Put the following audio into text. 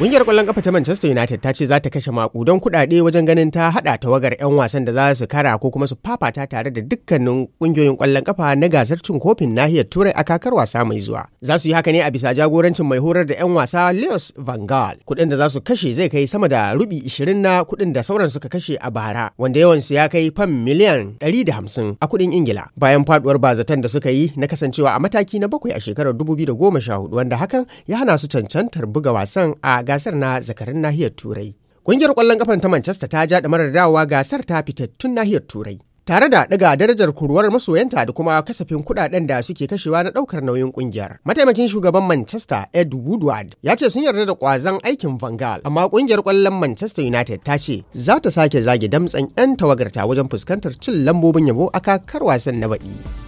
Ƙungiyar ƙwallon ƙafa ta Manchester United ta ce za ta kashe makudan kuɗaɗe wajen ganin ta haɗa tawagar 'yan wasan da za su kara ko kuma su fafata tare da dukkanin ƙungiyoyin ƙwallon ƙafa na gasar cin kofin nahiyar Turai a kakar wasa mai zuwa. Za su yi haka ne a bisa jagorancin mai horar da 'yan wasa Leos Van Gaal. Kuɗin da za su kashe zai kai sama da rubi 20 na kuɗin da sauran suka kashe a bara, wanda yawansu ya kai fam miliyan 150 a kuɗin Ingila. Bayan faduwar bazatan da suka yi na kasancewa a mataki na bakwai a shekarar 2014 wanda hakan ya hana su cancantar buga wasan a gasar na zakarin nahiyar Turai. Ƙungiyar ƙwallon kafan ta Manchester ta ja marar dawowa gasar ta fitattun nahiyar Turai. Tare da ɗaga darajar kuruwar masoyanta da kuma kasafin kuɗaɗen da suke kashewa na ɗaukar nauyin ƙungiyar. Mataimakin shugaban Manchester Ed Woodward ya ce sun yarda da ƙwazon aikin Vangal, amma ƙungiyar ƙwallon Manchester United ta ce za ta sake zage damtsan 'yan tawagarta wajen fuskantar cin lambobin yabo a kakar wasan na baɗi.